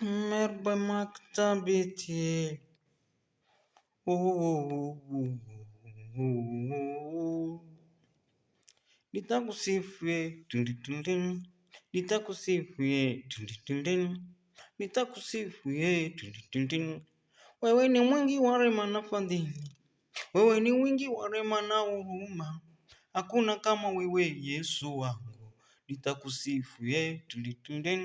Merhaba maktabeti. Nitakusifie tunditundim. Nitakusifie tunditundim. Nitakusifie tunditundim. Wewe ni mwingi wa rema na fadhili. Wewe ni wingi wa rema na huruma. Hakuna kama wewe Yesu wangu. Nitakusifie tunditundim.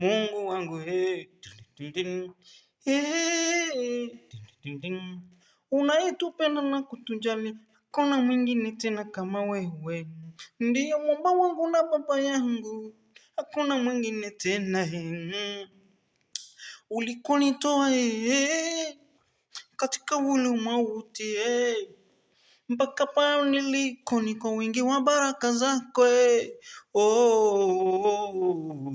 Mungu wangu he. Eh, eh, he. Unaitupenda na kutujali, hakuna mwingine tena kama wewe, ndiyo mwamba wangu na Baba yangu, hakuna mwingine tena he. Eh. Ulikonitoa he, katika ule mauti he, mpaka pao niliko, niko wingi wa baraka zako he. Oh, oh, oh, oh. oh.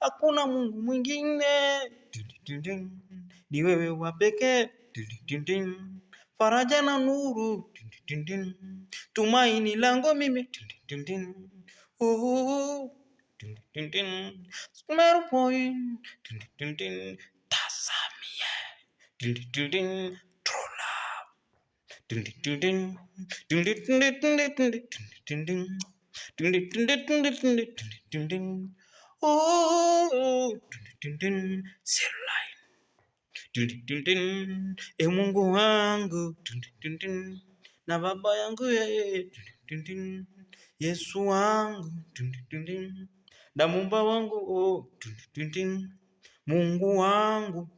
hakuna Mungu mwingine, ni wewe wa pekee, faraja na nuru, tumaini langu mimi uhu oh, e Mungu wangu na baba yangu yeye Yesu wangu na mumba wangu oh, Mungu wangu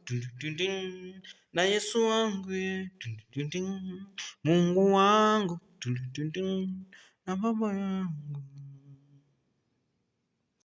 na Yesu wangu yeye Mungu wangu na baba yangu